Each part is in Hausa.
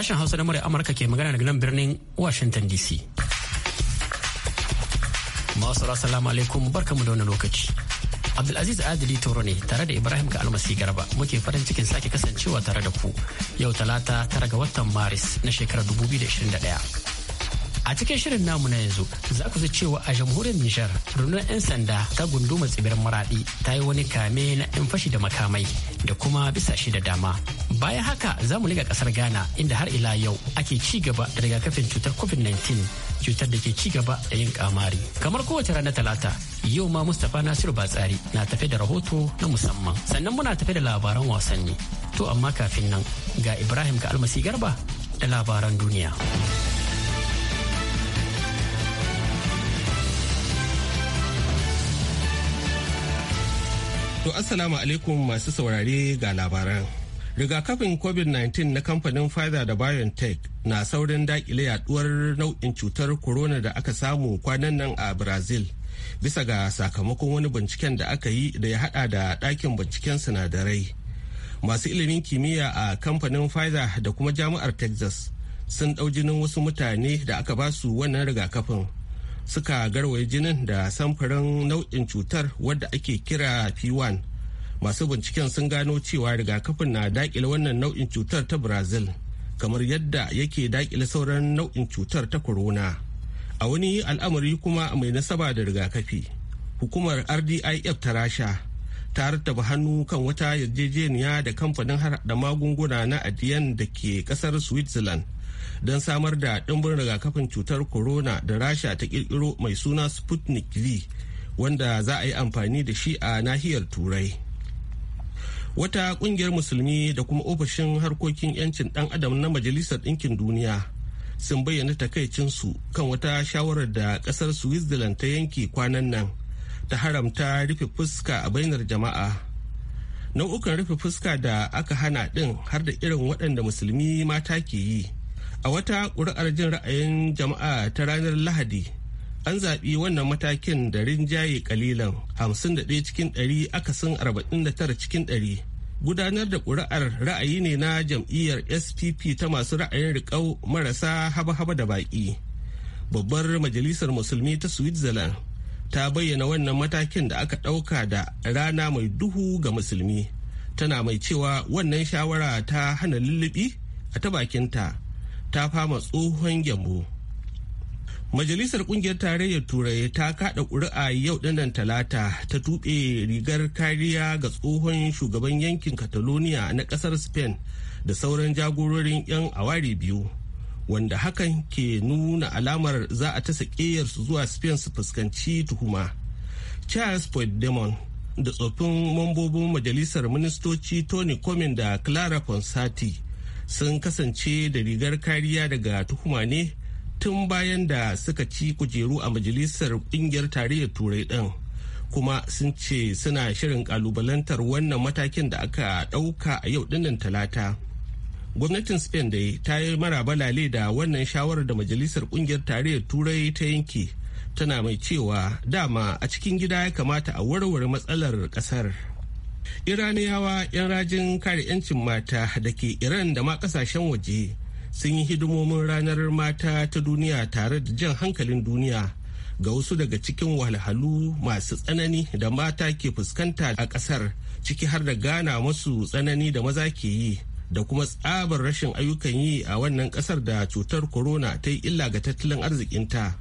Sashen Hausa na murya Amurka ke magana daga nan birnin Washington DC. Masu salamu alaikum barkamu da wani lokaci. Abdulaziz Adili Toro ne tare da Ibrahim ga almasi garba muke farin cikin sake kasancewa tare da ku yau talata tara ga watan Maris na shekarar 2021. a cikin shirin namu na yanzu za ku ji cewa a jamhuriyar nishar rundunar 'yan sanda ta gunduma tsibirin maradi ta yi wani kame na 'yan fashi da makamai da kuma bisa shi da dama bayan haka za mu liga kasar ghana inda har ila yau ake ci gaba da rigakafin cutar covid-19 cutar da ke ci gaba da yin kamari kamar kowace ranar talata yau ma mustapha nasiru batsari na tafe da rahoto na musamman sannan muna tafe da labaran wasanni to amma kafin nan ga ibrahim ga almasi garba da labaran duniya. To Assalamu alaikum masu saurare ga labaran. Rigakafin COVID-19 na kamfanin Pfizer da BioNTech na saurin dakile yaduwar nau'in cutar corona da aka samu kwanan nan a Brazil. Bisa ga sakamakon wani binciken da aka yi da ya hada da ɗakin binciken sinadarai. Masu ilimin kimiyya a kamfanin Pfizer da kuma jami'ar Texas sun ɗau jinin wasu mutane da aka basu wannan rigakafin. suka garwaye jinin da samfurin nau'in cutar wadda ake kira p1 masu binciken sun gano cewa rigakafin na dakile wannan nau'in cutar ta brazil kamar yadda yake dakile sauran nau'in cutar ta corona a wani al'amari kuma mai nasaba da rigakafi hukumar rdif ta rasha ta rattaba hannu kan wata yarjejeniya da kamfanin da magunguna na adiyan da ke kasar switzerland don samar da ɗimbin rigakafin cutar corona da rasha ta ƙirƙiro mai suna sputnik v wanda za a yi amfani da shi a nahiyar turai wata ƙungiyar musulmi da kuma ofishin harkokin 'yancin ɗan adam na majalisar ɗinkin duniya sun bayyana takaicinsu kan wata shawarar da ƙasar switzerland ta yanke kwanan nan ta haramta rufe fuska a bainar jama'a nau'ukan rufe fuska da aka hana ɗin har da irin waɗanda musulmi mata ke yi a wata ƙuri'ar jin ra'ayin jama'a ta ranar lahadi an zaɓi wannan matakin da rinjaye kalilan 51 cikin 100 akasin 49 cikin 100 gudanar da ƙuri'ar ra'ayi ne na jam'iyyar spp ta masu ra'ayin riƙau marasa haba-haba da baƙi babbar majalisar musulmi ta switzerland ta bayyana wannan matakin da aka ɗauka da rana mai duhu ga musulmi tana mai cewa wannan shawara ta hana lullubi a ta bakinta ta fama tsohon gyambo majalisar kungiyar tarayyar turai ta kada ƙuri'a yau dinnan talata ta tuɓe rigar kariya ga tsohon shugaban yankin catalonia na ƙasar spain da sauran jagororin 'yan awari biyu wanda hakan ke nuna alamar za a ta su zuwa spain su fuskanci tuhuma charles puigdemont da tsofin mambobin majalisar ministoci tony comin da clara ponsati sun kasance da rigar kariya daga tuhuma ne tun bayan da suka ci kujeru a majalisar kungiyar tarayyar turai din kuma sun ce suna shirin kalubalantar wannan matakin da aka ɗauka a yau dinnan talata gwamnatin spain dai ta yi marabalale da wannan shawarar da majalisar kungiyar tarayyar turai ta yanke tana mai cewa dama a cikin gida ya kamata a warware matsalar kasar iraniyawa 'yan rajin kare 'yancin mata da ke iran da ma kasashen waje sun yi hidimomin ranar mata ta duniya tare da jan hankalin duniya ga wasu daga cikin walhalu masu tsanani da mata ke fuskanta a kasar ciki har da gana masu tsanani da maza ke yi da kuma tsabar rashin ayyukan yi a wannan kasar da cutar corona ta yi illa ga tattalin arzikinta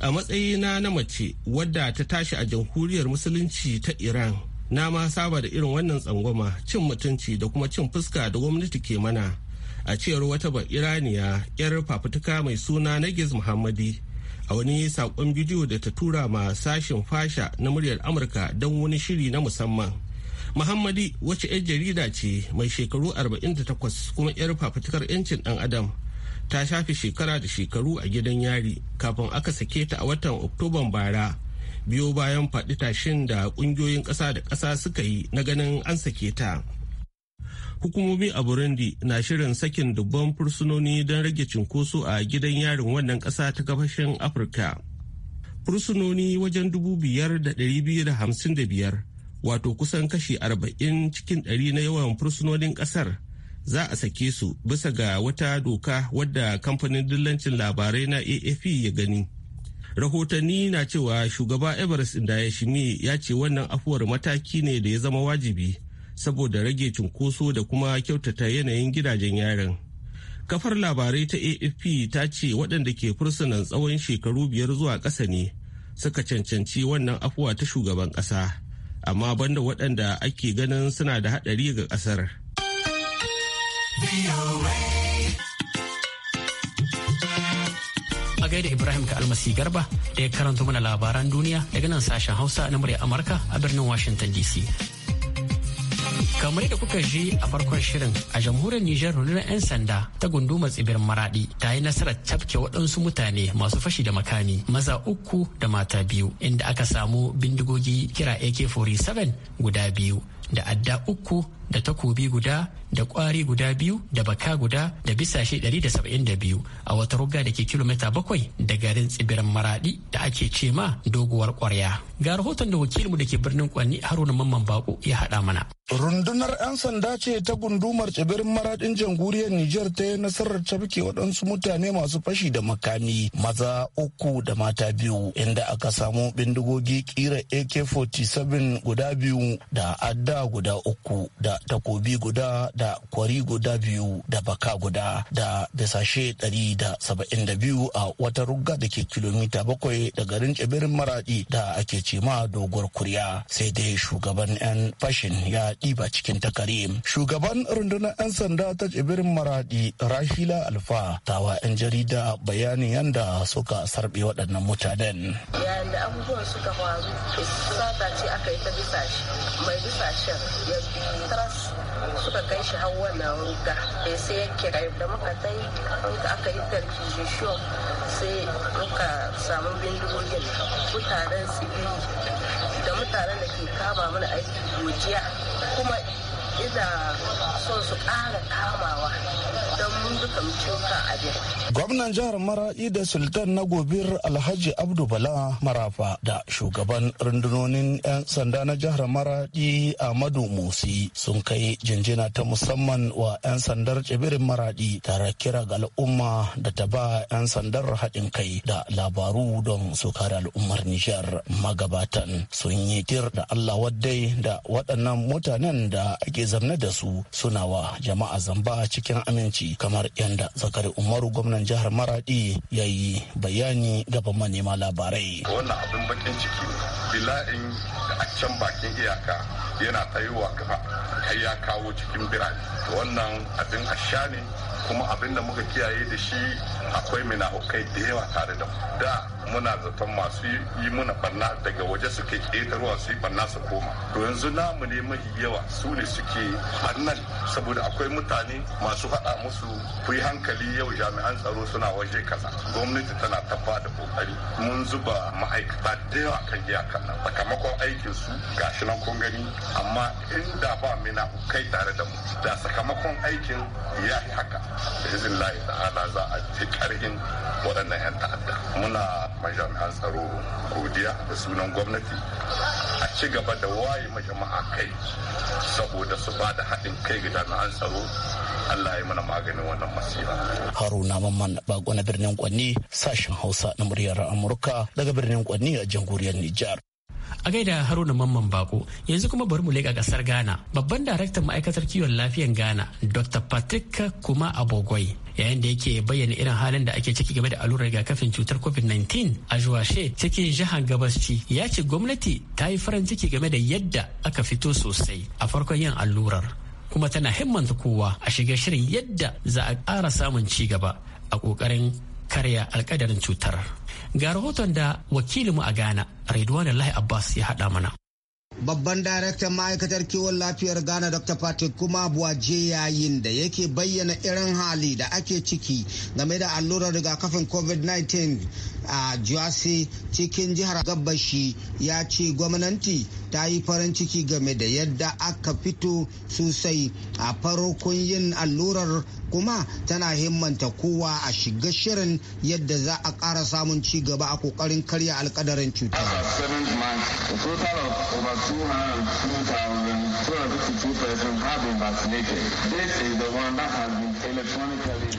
a matsayina na mace wadda ta tashi a jamhuriyar musulunci ta iran na ma saba da irin wannan tsangwama cin mutunci da kuma cin fuska da gwamnati ke mana a cewar wata iraniya yar fafutuka mai suna na giz muhammadi a wani saƙon bidiyo da ta tura ma sashin fasha na muryar amurka don wani shiri na musamman muhammadi wacce 'yar jarida ce mai shekaru 48 kuma 'yar fafutukar 'yancin dan adam ta shafe shekara da shekaru a gidan yari kafin aka sake ta a watan oktoban bara biyo bayan faɗi tashin da ƙungiyoyin ƙasa da ƙasa suka yi na ganin an sake ta. Hukumomi a Burundi na shirin sakin dubban fursunoni don rage cinkoso a gidan yarin wannan ƙasa ta gabashin Afirka. Fursunoni wajen dubu biyar da ɗari biyu da hamsin da biyar wato kusan kashi arba'in cikin ɗari na yawan fursunonin ƙasar za a sake su bisa ga wata doka wadda kamfanin dillancin labarai na AFP ya gani. rahotanni na cewa shugaba everest indayashimi ya ce wannan afuwar mataki ne da ya zama wajibi saboda rage cunkoso da kuma kyautata yanayin gidajen yaren kafar labarai ta afp ta ce waɗanda ke fursunan tsawon shekaru biyar zuwa ƙasa ne suka cancanci wannan afuwa ta shugaban ƙasa amma banda waɗanda ake ganin suna da haɗari ga ƙasar. a gaida Ibrahim ka almasi garba da ya karanta mana labaran duniya daga nan sashen Hausa na murya Amurka a birnin Washington DC. kamar da kuka ji a farkon shirin a jamhuriyar Nijar rundunar 'yan sanda ta gunduma tsibirin maradi ta yi nasarar tafke waɗansu mutane masu fashi da makami maza uku da mata biyu inda aka samu bindigogi kira AK-47 guda biyu da adda uku da takobi guda da kwari guda biyu da baka guda da bisashe 172 a wata ruga da ke kilomita bakwai da garin tsibirin maradi da ake ce ma doguwar kwarya ga rahoton da wakilinmu da ke birnin kwanni haruna mamman bako ya haɗa mana rundunar 'yan sanda ce ta gundumar tsibirin maradin jamhuriyar niger ta yi nasarar tafke waɗansu mutane masu fashi da makami maza uku da mata biyu inda aka samu bindigogi kira ak-47 guda biyu da adda guda uku da takobi guda da kwari guda biyu da baka guda da bisashe 172 a wata rugga da ke kilomita bakwai da garin tsibirin maradi da ake ma doguwar kuriya sai dai shugaban 'yan fashin ya ɗiba cikin takare shugaban rundunar 'yan sanda ta tsibirin maradi rahila alfa tawa 'yan jarida bayanin yadda suka sarbe waɗannan mutanen abubuwan suka faru ce aka yi ta bisashe mai bisashen ya suka kai shi har na ruga da sai ya kira da muka tai wanda aka yi tarkijishiyon sai muka samu bindigogin mutanen yi da mutanen da ke kama mana aiki gojiya kuma ina son su ƙara kamawa Gwamnan jihar Maraɗi da Sultan na Gobir Alhaji Abdu Bala Marafa da shugaban rundunonin 'yan sanda na jihar Maraɗi Amadu Musi sun kai jinjina ta musamman wa 'yan sandar tsibirin Maraɗi tare kira ga al'umma da ta ba 'yan sandar haɗin kai da labaru don su kare al'ummar Nijar magabatan sun yi tir da Allah waddai da waɗannan mutanen da ake zamne da su suna wa jama'a zamba cikin aminci kamar yanda zakari umaru gwamnan jihar maradi ya yi bayani gaban manema labarai wannan abin bakin ciki bila'in da a can bakin iyaka yana tsayuwa gaba kai ya kawo cikin birane wannan abin asha ne kuma abin da muka kiyaye da shi akwai hukai da yawa tare da da muna zaton masu yi muna barna daga waje suke ƙetarwa su yi barna su koma to yanzu namu ne mahi yawa su ne suke barnan saboda akwai mutane masu haɗa musu ku yi hankali yau jami'an tsaro suna waje kaza gwamnati tana tabba da kokari mun zuba ma'aikata da yawa kan iyakan nan sakamakon aikin su gashi nan kun gani amma inda ba mina kai tare da mu da sakamakon aikin ya haka da izin layi ta'ala za a ci karhin waɗannan 'yan ta'adda muna majami'an tsaro godiya da sunan gwamnati a ci gaba da waye majama'a kai saboda su ba da haɗin kai ga jami'an tsaro Allah ya mana maganin wannan masira. Haruna Mamman bako na birnin Kwanni sashen Hausa na muryar Amurka daga birnin Kwanni a jamhuriyar Nijar. a gaida haruna mamman bako yanzu kuma bari mu leƙa ƙasar ghana babban daraktan ma'aikatar kiwon lafiyan ghana dr patrick kuma abogoi yayin da yake bayyana irin halin da ake ciki game da allurar rigakafin cutar covid-19 a juwashe cikin jihar gabasci ya ce gwamnati ta yi farin ciki game da yadda aka fito sosai a farkon yin allurar kuma tana himmanta kowa a shiga shirin yadda za a ƙara samun ci gaba a ƙoƙarin karya alkadarin cutar ga rahoton da wakilinmu a ghana redwan abbas ya haɗa mana Babban daraktan ma'aikatar kiwon lafiyar Ghana Dr. Patrick kuma buwaje yayin da yake bayyana irin hali da ake ciki game da allurar rigakafin COVID-19 a juwase cikin jihar gabashi ya ce gwamnati ta yi farin ciki game da yadda aka fito sosai a farkon yin allurar kuma tana himmanta kowa a shiga shirin yadda za a ƙara samun ci gaba a ƙoƙarin karya alkadarin cuta.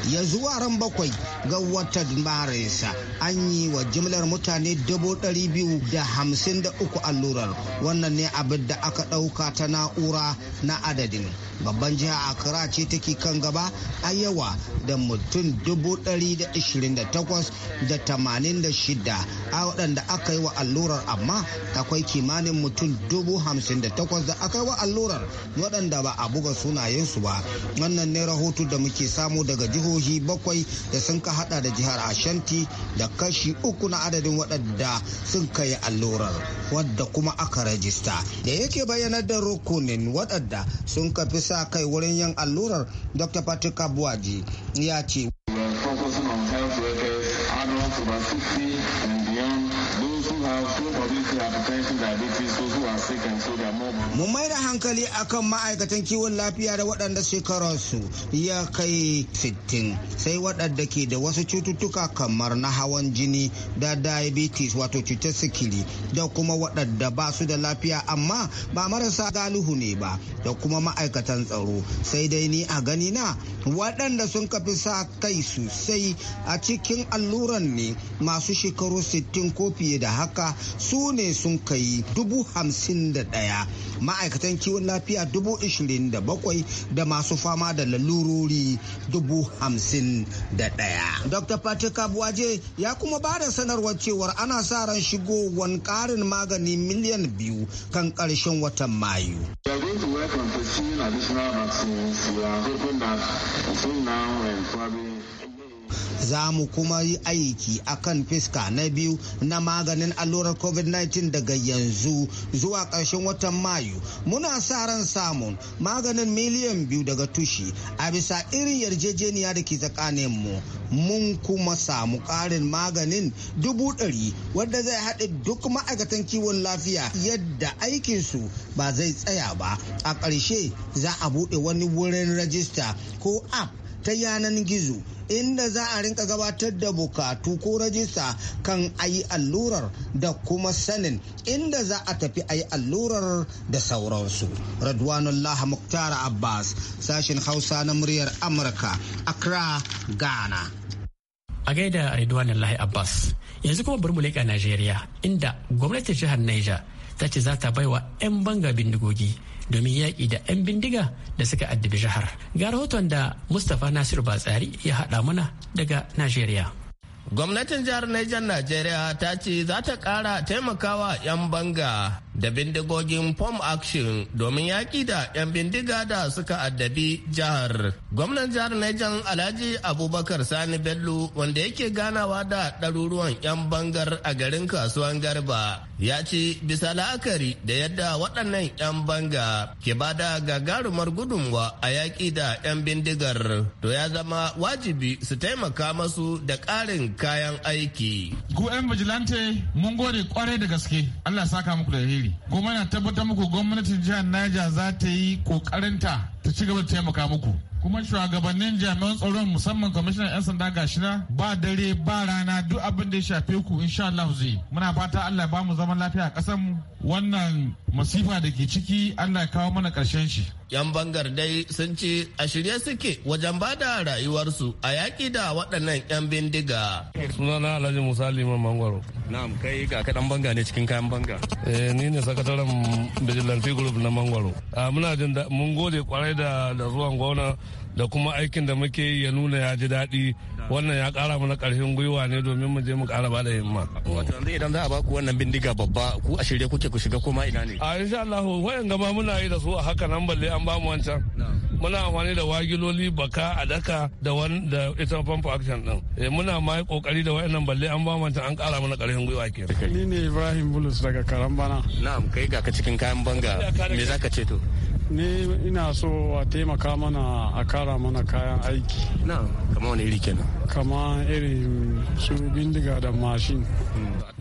Ya zuwa ran bakwai ga watan Maris an yi wa jimlar mutane dubu dari biyu da hamsin da uku allurar wannan ne abin da aka ɗauka ta na'ura na adadin babban jiha accra ce take kan gaba a yawa da mutum dubu dari da ishirin da takwas da tamanin da shida a waɗanda aka yi wa allurar amma akwai kimanin mutum dubu hamsin da takwas da aka yi wa allurar waɗanda ba a buga sunayensu ba wannan ne rahoto da muke samu daga jihohi bakwai da sun ka hada da jihar ashanti da kashi kashi uku na adadin waɗanda sun kai allurar wadda kuma aka rajista da yake bayyana da rukunin waɗanda sun kafi sa kai wurin yin allurar dr patrick abuwaji ya ce those who have Mu mai da hankali akan ma'aikatan kiwon lafiya da waɗanda shekararsu ya kai sittin sai waɗanda ke da wasu cututtuka kamar na hawan jini da diabetes wato cutar sikili da kuma waɗanda ba su da lafiya amma ba marasa galihu ne ba da kuma ma'aikatan tsaro sai dai ni a gani na waɗanda sun kafi sa kai sai a cikin alluran ne masu shekaru sittin ko fiye da haka su ne ne sun kai dubu hamsin da daya ma'aikatan kiwon lafiya dubu ishirin da bakwai da masu fama da lalurori dubu hamsin da daya. Dr. Patrick Abuwaje ya kuma ba da sanarwar cewar ana sa ran shigowan karin magani miliyan biyu kan karshen watan Mayu. We are za mu kuma yi aiki a kan fiska na biyu na maganin allurar covid-19 daga yanzu zuwa ƙarshen watan mayu muna sa ran samun maganin miliyan biyu daga tushe a bisa irin yarjejeniya da ke tsakanin mu mun kuma samu ƙarin maganin dubu ɗari wanda zai haɗe duk ma'aikatan kiwon lafiya yadda aikinsu ba zai tsaya ba a ƙarshe za a buɗe wani wurin rajista ko app ta yanan gizo inda za a rinka gabatar da bukatu ko rajista kan ayi allurar da kuma sanin inda za a tafi ayi allurar da sauransu. Radwanullah muktara Abbas sashen Hausa na muryar Amurka Accra Ghana. A gaida lahi Abbas yanzu kuma bari mu Najeriya inda gwamnatin jihar Niger ta ce za ta baiwa 'yan banga bindigogi domin yaƙi da 'yan bindiga da suka addabi jihar. Ga rahoton da Mustapha Nasiru Batsari ya haɗa mana daga Najeriya. Gwamnatin jihar Niger Najeriya ta ce za ta ƙara taimakawa 'yan banga da bindigogin pom action domin yaƙi da 'yan bindiga da suka addabi jihar. Gwamnan jihar Niger Alhaji Abubakar Sani Bello wanda yake ganawa da ɗaruruwan 'yan bangar a garin kasuwan Garba ya ce bisa la'akari da yadda waɗannan 'yan banga ke ba da gagarumar gudunwa a yaƙi da 'yan bindigar to ya zama wajibi su taimaka masu da ƙarin kayan aiki. Ku 'yan vigilante mun gode kwarai da gaske Allah saka muku da shiri kuma na tabbatar muku gwamnatin jihar Niger za ta yi kokarinta ta ci gaba da taimaka muku kuma shugabannin jami'an tsaron musamman kwamishinan 'yan sanda gashi na ba dare ba rana duk abin da ya shafe ku insha Allah zai muna fata Allah ba mu zaman lafiya a ƙasar mu wannan masifa da ke ciki Allah ya kawo mana ƙarshen shi. Yan bangar dai sun ce a shirye suke wajen ba da rayuwarsu a yaƙi da waɗannan 'yan bindiga. Sunana Alhaji Musa Liman Mangwaro. Na'am kai ga kaɗan banga ne cikin kayan banga. Eh ni ne sakataren Vigilante Group na Mangwaro. Ah, muna jin mun gode kwarai da zuwan gwamna da kuma aikin da muke yi ya nuna ya ji daɗi wannan ya ƙara mana ƙarfin gwiwa ne domin mu je mu ƙara ba da himma. Wato idan za a baku wannan bindiga babba ku a shirye kuke ku shiga koma ina ne. A insha Allah wayan gaba muna yi da su a haka nan balle an bamu wancan. Muna amfani da wagiloli baka a daka da wani da ita pump action din. Eh, muna ma kokari da nan balle an bamu wancan an ƙara mana ƙarfin gwiwa ke. Ni ne Ibrahim Bulus daga Karambana. Na'am kai ga ka cikin kayan banga me za ka ce to? ne ina so a taimaka mana a kara mana kayan aiki na kama wani iri kenan kama irin su bindiga da mashin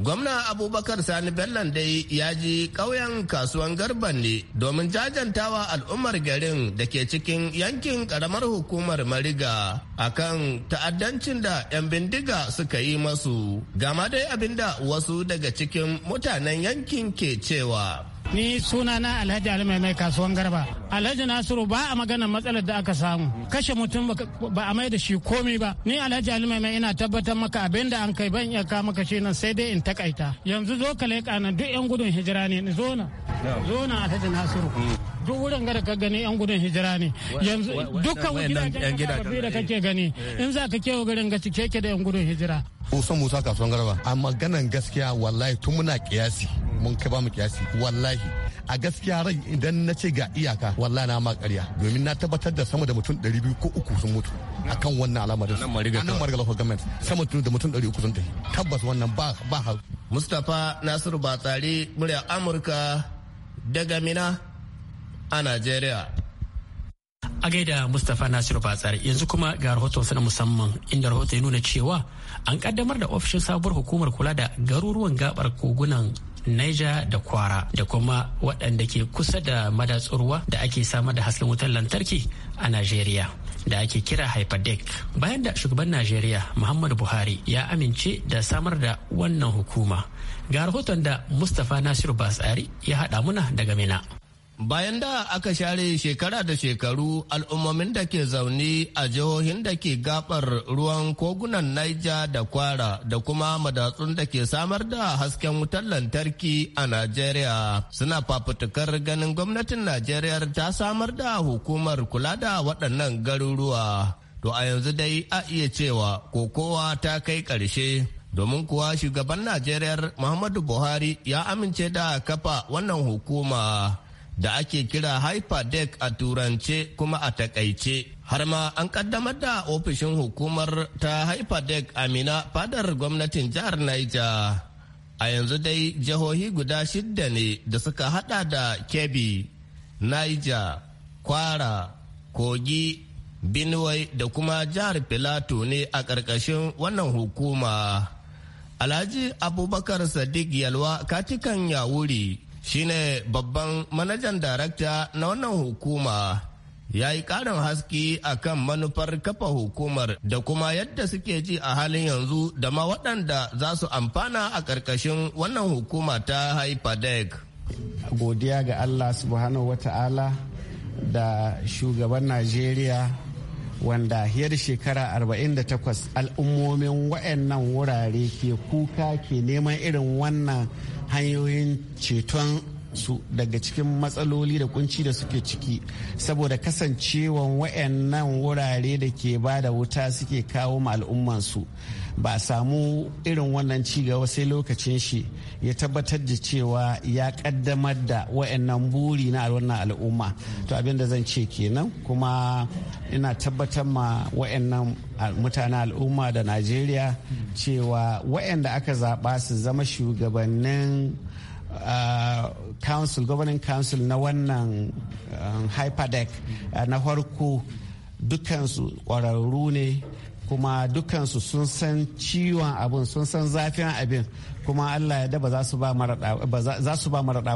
gwamna abubakar sani bellan dai ya ji ƙauyen kasuwan garban ne domin jajantawa al'ummar garin da ke cikin yankin karamar hukumar mariga kan ta'addancin da 'yan bindiga suka yi masu gama dai abinda wasu daga cikin mutanen yankin ke cewa ni sunana alhaji alimai mai kasuwan garba alhaji nasiru ba a maganar matsalar da aka samu kashe mutum ba a mai da shi komi ba ni alhaji alimai mai ina tabbatar maka abin da an kai ban iya kama kashe nan sai dai in takaita yanzu zo ka leƙa nan duk yan gudun hijira ne zo na zo na alhaji nasiru hmm. duk wurin da ka gani yan gudun hijira ne yanzu dukkan gidajen da kake gani eh. in za ka kewa garin gaci keke da yan gudun hijira. Musa Musa kasuwan garba a maganan gaskiya wallahi tun muna kiyasi mun ka ba mu kiyasi wallahi a gaskiya rai idan na ce ga iyaka wallahi na ma domin na tabbatar da sama da mutum 200 ko uku sun mutu akan wannan al'amarin nan mariga local government sama da mutum 300 sun tafi tabbas wannan ba ba Mustapha Nasiru Batsari murya Amurka daga Mina a Najeriya. A gaida Mustapha Nasiru Batsari yanzu kuma ga rahoton na musamman inda rahoton ya nuna cewa an kaddamar da ofishin sabuwar hukumar kula da garuruwan gabar kogunan niger da kwara da kuma waɗanda ke kusa da madatsurwa da ake samar da hasken wutar lantarki a najeriya da ake kira hyperdeck bayan da shugaban najeriya muhammadu buhari ya amince da samar da wannan hukuma ga rahoton da mustapha nasiru basari ya haɗa muna daga mina Bayan da aka share shekara da shekaru al'ummomin da ke zaune a jihohin da ke gabar ruwan kogunan Niger da Kwara da kuma madatsun da ke samar da hasken wutar lantarki a Najeriya suna fafutukar ganin gwamnatin Najeriya ta samar da hukumar kula da waɗannan garuruwa. To a yanzu dai a iya cewa kokowa ta kai ƙarshe. domin kuwa shugaban Najeriya Muhammadu Buhari ya amince da kafa wannan hukuma da ake kira hyperdeck a turance kuma a takaice har ma an kaddamar da ofishin hukumar ta hyperdeck amina fadar gwamnatin jihar niger a yanzu dai jihohi guda shidda ne da suka hada da kebbi niger kwara kogi Benue da kuma jihar Filato ne a ƙarƙashin wannan hukuma. Alhaji Abubakar Sadiq Yalwa katikan Yawuri shine babban manajan darakta na wannan hukuma ya yi karin haske a kan manufar kafa hukumar da kuma yadda suke ji a halin yanzu da ma waɗanda za su amfana a ƙarƙashin wannan hukuma ta haifadek. godiya ga allah subhanahu wata'ala da shugaban najeriya wanda hiyar shekara 48 al'ummomin waɗannan wurare ke kuka ke neman irin wannan 还有人去闯。su daga cikin matsaloli da kunci da suke ciki saboda kasancewan wayannan wurare da ke ba da wuta suke kawo ma al'ummansu ba a samu irin wannan cigaba sai lokacin shi ya tabbatar da cewa ya kaddamar da wayannan buri na wannan al'umma to abin da zan ce kenan kuma ina tabbatar ma wayannan mutanen al'umma da najeriya cewa wayanda aka zaba su zama shugabannin Uh, council governing council na wannan um, hyperdeck uh, na farko dukansu ƙwararru ne kuma dukansu sun san ciwon abin sun san zafin abin kuma allah ya daba za su ba mara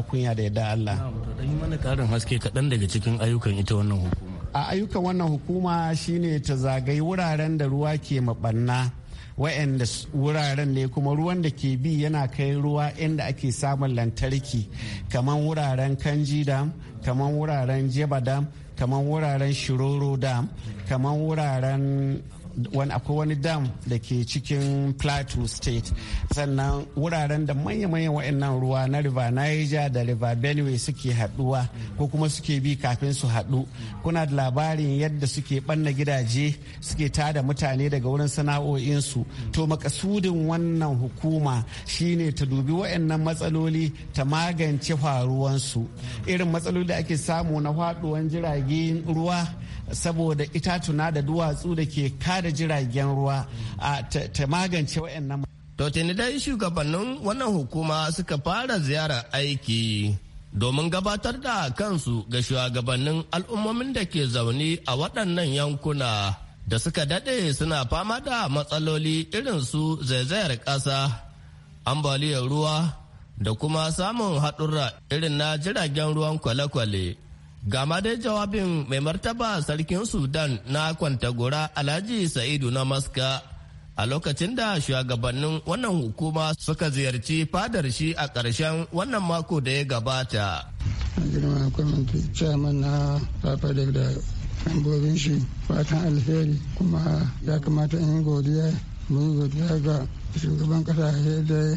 kunya da yadda allah yi mana karin haske kaɗan daga cikin ayyukan ita wannan hukuma a ayyukan wannan hukuma shine ta zagayi wuraren da ruwa ke maɓanna wa'anda wuraren ne kuma ruwan da ke bi yana kai ruwa inda ake samun lantarki kamar wuraren kanji dam kamar wuraren jeba dam kamar wuraren shiroro dam kamar wuraren akwai wani dam da ke cikin plateau state sannan wuraren da manya-manyan wa'annan ruwa na river niger da river benue suke haduwa ko kuma suke bi kafin su haɗu kuna da labarin yadda suke ɓanna gidaje suke tada mutane daga wurin sana'o'insu to makasudin wannan hukuma shine ta dubi wa'annan matsaloli ta magance faruwansu irin matsaloli da ake samu na faɗuwan jiragen ruwa saboda itatuna da duwatsu da ke kada jiragen ruwa ta magance wa'annan To tuni dai shugabannin wannan hukuma suka fara ziyarar aiki domin gabatar da kansu ga shugabannin al'ummomin da ke zaune a waɗannan yankuna da suka daɗe suna fama da matsaloli irin su zaizayar ƙasa, ambaliyar ruwa da kuma samun haɗurra irin na jiragen ruwan kwale-kwale. Gama dai jawabin mai martaba sarkin Sudan na Kwantagora Alhaji Sa'idu na Maska a lokacin da shugabannin wannan hukuma suka ziyarci fadar shi a ƙarshen wannan mako da ya gabata. girma kwamiti chairman na papa da membobin shi fatan alheri kuma ya kamata in godiya mun godiya ga shugaban kasa da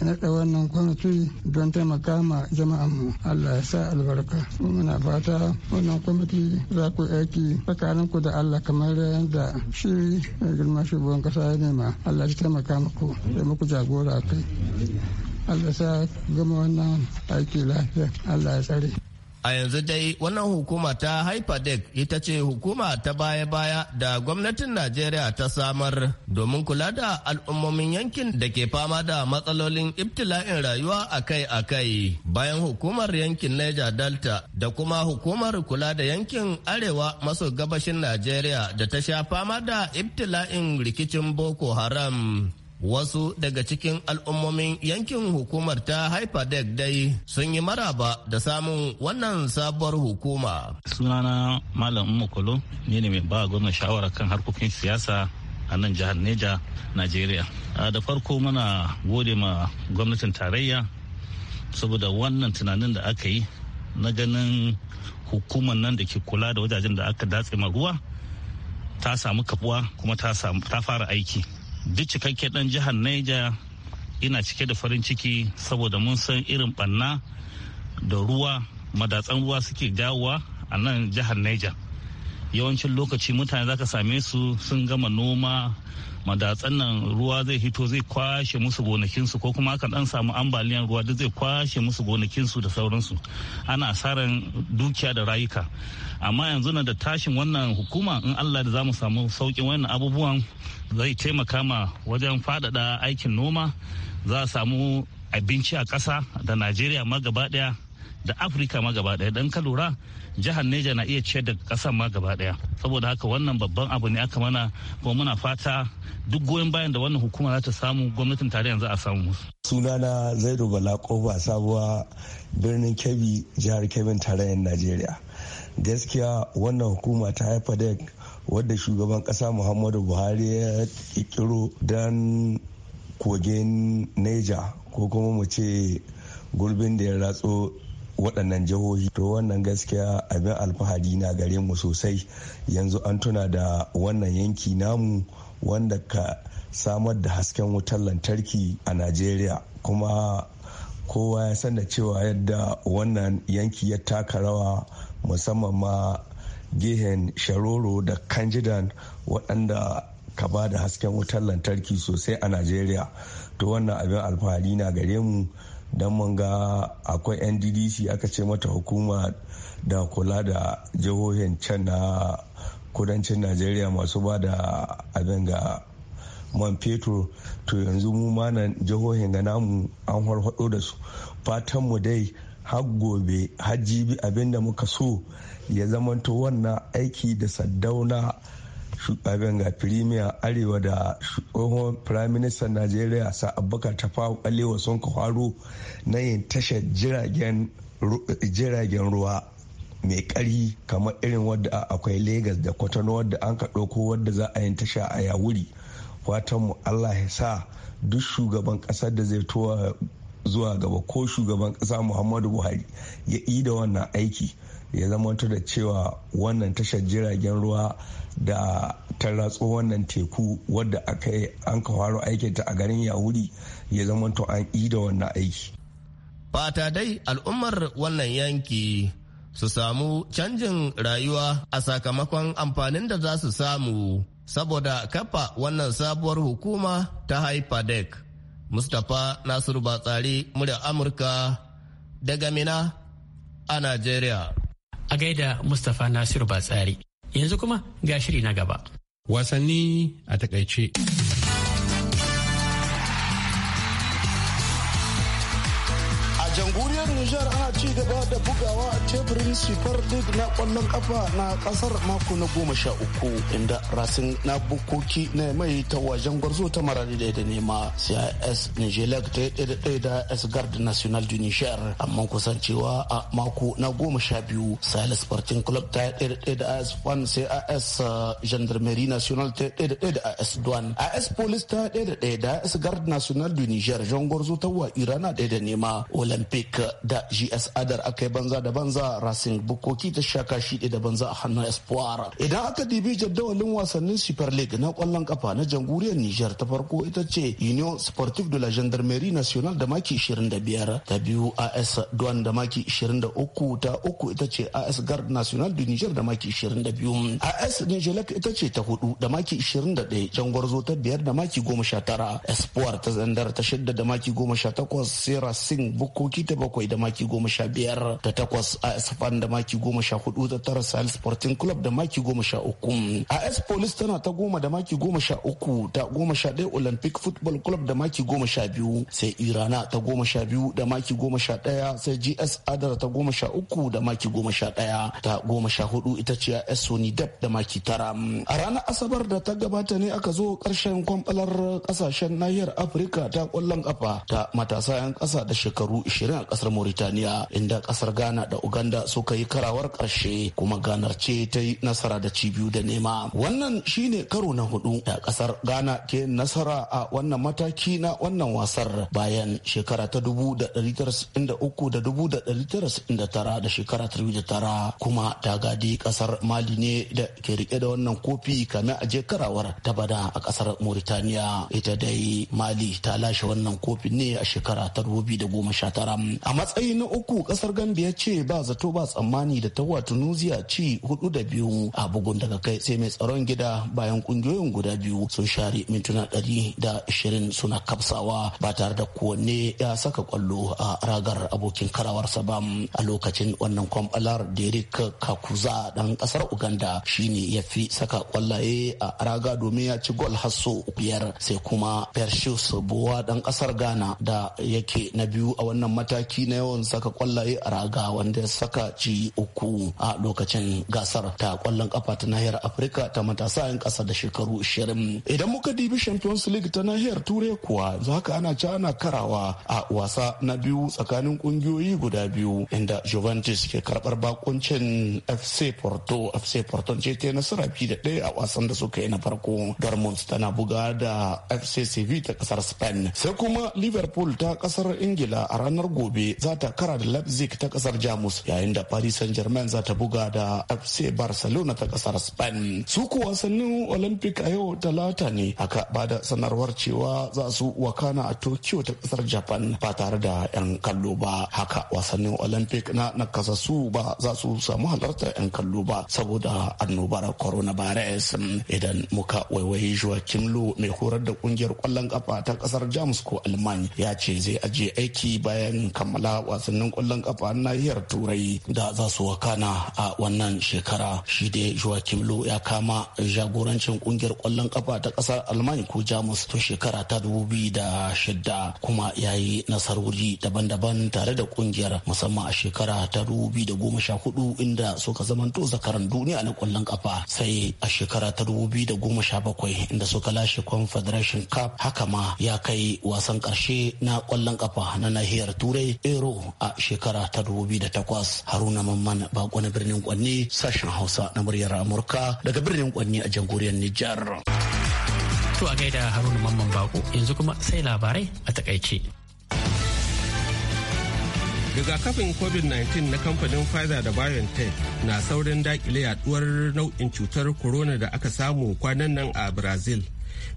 naɗa wannan kwamiti don taimaka ma jama'a mu Allah ya sa albarka muna fata wannan kwamiti za ku aiki tsakanin ku da Allah kamar yadda shi girma shugaban kasa ya nema Allah ya taimaka muku ya muku jagora kai Allah sa gama wannan aiki lafiya Allah ya tsare a yanzu dai wannan hukuma ta hyperdeck ita ce hukuma ta baya-baya da gwamnatin najeriya ta samar domin kula da al'ummomin yankin da ke fama da matsalolin ibtila'in rayuwa akai-akai bayan hukumar yankin niger delta da kuma hukumar kula da yankin arewa maso gabashin najeriya da ta sha fama da ibtila'in rikicin boko haram Wasu daga cikin al'ummomin yankin hukumar ta Hyperdeck dai sun yi maraba da samun wannan sabuwar hukuma. Sunana Malam Umukulu ne ne mai ba gwamna shawara kan harkokin siyasa a nan jihar Neja, Najeriya. Da farko muna gode ma gwamnatin tarayya saboda wannan tunanin da aka yi na ganin hukumar nan da ke kula da wajajen da aka datse ma ruwa ta samu kabuwa kuma ta fara aiki. duk cikakke dan jihar Niger ina cike da farin ciki saboda mun san irin banna da ruwa madatsan ruwa suke jawowa a nan jihar Niger yawancin lokaci mutane zaka same su sun gama noma madatsan nan ruwa zai hito zai kwashe musu gonakinsu ko kuma aka dan samu ambaliyan ruwa duk zai kwashe musu gonakinsu da sauransu ana asaran dukiya da rayuka amma yanzu na da tashin wannan hukuma in allah da za mu samu saukin wannan abubuwan zai taimaka ma wajen faɗaɗa aikin noma za a samu abinci a ƙasa da najeriya ma gaba ɗaya da afirka ma gaba ɗaya don ka lura jihar neja na iya ciyar da kasar ma gaba daya saboda haka wannan babban abu ne aka mana kuma muna fata duk goyon bayan da wannan hukuma za ta samu gwamnatin tarayyan za a samu sunana zaidu bala ba sabuwa birnin kebbi jihar kebbin tarayyar najeriya gaskiya wannan hukuma ta haifa da e wadda shugaban kasa muhammadu buhari ya kikiro don kogin neja ko kuma mu ce gurbin da ya ratso waɗannan jihohi to wannan gaskiya abin alfahari na gare mu sosai yanzu an tuna da wannan yanki namu wanda ka samar da hasken wutar lantarki a najeriya kuma kowa ya san da cewa yadda wannan yanki ya taka rawa musamman ma gehen sharoro da kanjidan waɗanda ka ba da hasken wutar lantarki sosai a najeriya to wannan abin alfahari na gare mu don mun ga akwai nddc aka ce mata hukuma da kula da jihohin can na kudancin najeriya masu ba da abin ga man fetur to yanzu mu manan jihohin ga namu an harhado da su fatanmu dai har gobe har jibi abin da muka so ya zamanto wannan aiki da saddauna shugaban ga firimiya arewa da tsohon firaministan najeriya sa abubakar ta fawo alewa sun ka na yin tashar jiragen ruwa mai kari kamar irin wadda akwai lagos da kwatano wadda an ka ɗauko wadda za a yin tasha a yawuri fatan mu allah ya sa duk shugaban ƙasar da zai towa zuwa gaba ko shugaban ƙasa muhammadu buhari ya yi da wannan aiki ya zama da cewa wannan tashar jiragen ruwa da ta ratso wannan teku wadda aka yi an kawaro aikinta a garin yahudi ya zama to an da wannan aiki. Fata dai al'ummar wannan yanki su samu canjin rayuwa a sakamakon amfanin da za su samu saboda kafa wannan sabuwar hukuma ta haifadek. Mustapha Nasiru Batsari murya Amurka daga Mina a Najeriya. A gaida Mustapha Nasiru Batsari. Yanzu kuma ga shiri na gaba. Wasanni a takaice. Nijar ana ci gaba da bugawa a teburin Super League na kwallon kafa na kasar mako na goma sha uku inda rasin na bukoki na mai ta wajen gwarzo ta marari da nema CIS Nijelak ta yi da ɗaya da S Guard National du Nijar amma kusancewa a mako na goma sha biyu silas Sporting Club ta yi da ɗaya da AS Fan CIS Gendarmerie National ta yi da ɗaya da AS Duan AS Police ta yi da ɗaya da S Guard National du Nijar Jean Gwarzo ta wa Irana ɗaya da nema Olympic da GS Adar aka yi banza da banza Racing Bukoki ta sha kashi da banza a hannun Espoir. Idan aka dibi jadawalin wasannin Super League na kwallon kafa na jamhuriyar Niger ta farko ita ce Union Sportive de la Gendarmerie Nationale da maki 25, ta biyu AS Douane da maki 23, ta uku ita ce AS Garde National du Niger da maki 22. AS Nijelek ita ce ta hudu da maki 21, Jangwarzo ta biyar da maki 19, Espoir ta Zandar ta shidda da maki 18, Sera Singh Bukoki ta bakwai da maki goma sha biyar da takwas AS Fan da maki goma sha hudu da tara Sahel Sporting Club da maki goma sha uku. a s Police tana ta goma da maki goma sha uku ta goma sha ɗaya Olympic Football Club da maki goma sha biyu sai Irana ta goma sha biyu da maki goma sha ɗaya sai GS Adara ta goma sha uku da maki goma sha ɗaya ta goma sha hudu ita ce s Sony Dep da maki tara. A ranar Asabar da ta gabata ne aka zo ƙarshen kwamfalar ƙasashen nahiyar Afirka ta ƙwallon kafa ta matasa 'yan ƙasa da shekaru 20 a ƙasar Mauritania. Mauritania inda kasar Ghana da Uganda suka yi karawar ƙarshe kuma Ghana ce ta yi nasara da ci da nema. Wannan shine karo na hudu da kasar Ghana ke nasara a wannan mataki na wannan wasar bayan shekara ta dubu da ɗari uku da dubu da ɗari tara da shekara ta da tara kuma ta gadi kasar Mali ne da ke rike da wannan kofi kame a je karawar ta bada a kasar Mauritania ita dai Mali ta lashe wannan kofi ne a shekara ta dubu da goma sha tara a matsayin matsayi na uku kasar gambia ce ba zato ba tsammani da tawa tunisia ci hudu da biyu a bugun daga kai sai mai tsaron gida bayan kungiyoyin guda biyu sun share mintuna ɗari da ashirin suna kapsawa ba tare da kowanne ya saka kwallo a ragar abokin karawar sabam a lokacin wannan kwambalar derek kakuza dan kasar uganda shine ya fi saka kwallaye a raga domin ya ci gol hasso biyar sai kuma persius bowa dan kasar ghana da yake na biyu a wannan mataki na yau. yawan saka kwallaye a raga wanda ya saka ci uku a lokacin gasar ta kwallon kafa ta nahiyar afirka ta matasa 'yan kasa da shekaru 20 idan muka dibi champions league ta nahiyar turai kuwa yanzu haka ana ci ana karawa a wasa na biyu tsakanin kungiyoyi guda biyu inda juventus ke karbar bakuncin fc porto fc porto ce ta nasara fi da ɗaya a wasan da suka yi na farko dortmund tana buga da fc cv ta kasar spain sai kuma liverpool ta kasar ingila a ranar gobe za ta takara da Leipzig ta kasar Jamus yayin da Paris Saint-Germain za ta buga da FC Barcelona ta kasar Spain. Su kuwa wasannin Olympic a yau talata ne aka bada sanarwar cewa za su wakana a Tokyo ta kasar Japan ba tare da 'yan kallo ba. Haka wasannin Olympic na nakasassu ba za su samu halartar 'yan kallo ba saboda annobar coronavirus. Idan muka waiwayi zuwa kimlo mai horar da kungiyar kwallon kafa ta kasar Jamus ko Alman ya ce zai ajiye aiki bayan kammala wasannin kwallon kafa na nahiyar turai da za su wakana a wannan shekara shi dai joachim lo ya kama jagorancin kungiyar kwallon kafa ta kasar alman ko jamus tun shekara ta da shidda kuma ya yi nasarori daban-daban tare da kungiyar musamman a shekara ta da goma sha hudu inda suka zamanto zakaran duniya na kwallon kafa sai a shekara ta da goma sha bakwai inda suka lashe confederation cup haka ma ya kai wasan ƙarshe na kwallon kafa na nahiyar turai ero a shekara ta da 2008 haruna mamman bako na birnin kwanni sashen hausa na muryar amurka daga birnin kwanni a jamhuriyar nijar to a gaida haruna mamman bako yanzu kuma sai labarai a takaice rigakafin covid-19 na kamfanin pfizer da biontech na saurin dakile yaduwar nau'in cutar corona da aka samu kwanan nan a brazil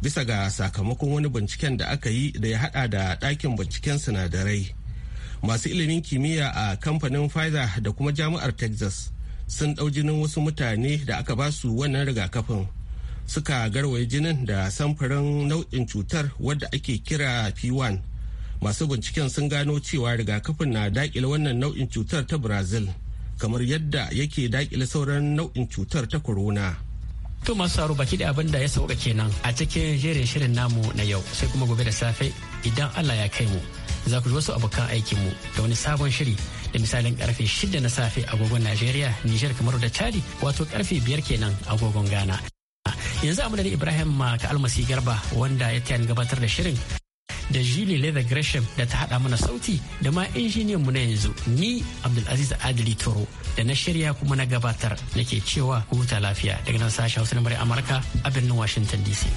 bisa ga sakamakon wani binciken da aka yi da ya hada da dakin binciken sinadarai masu ilimin kimiyya a kamfanin pfizer da kuma jami'ar texas sun ɗau jinin wasu mutane da aka ba su wannan rigakafin suka garwaye jinin da samfurin nau'in cutar wadda ake kira p1 masu binciken sun gano cewa rigakafin na daƙile wannan nau'in cutar ta brazil kamar yadda yake daƙile sauran nau'in cutar ta corona To masu saro baki da abin da ya sauka kenan a cikin jerin shirin namu na yau sai kuma gobe da safe idan Allah ya kai mu za ku ji wasu abokan aikin mu da wani sabon shiri da misalin karfe shida na safe agogon Najeriya, Nijar kamar da Chadi wato karfe biyar kenan agogon Ghana. Yanzu amma da Ibrahim Maka Almasi Garba wanda ya tayar gabatar da shirin da Julie Leather Gresham da ta haɗa mana sauti da ma injiniyan mu na yanzu ni Abdulaziz Adili Toro da na shirya kuma na gabatar nake cewa ku huta lafiya daga nan sashen Hausa na Amurka a birnin Washington DC.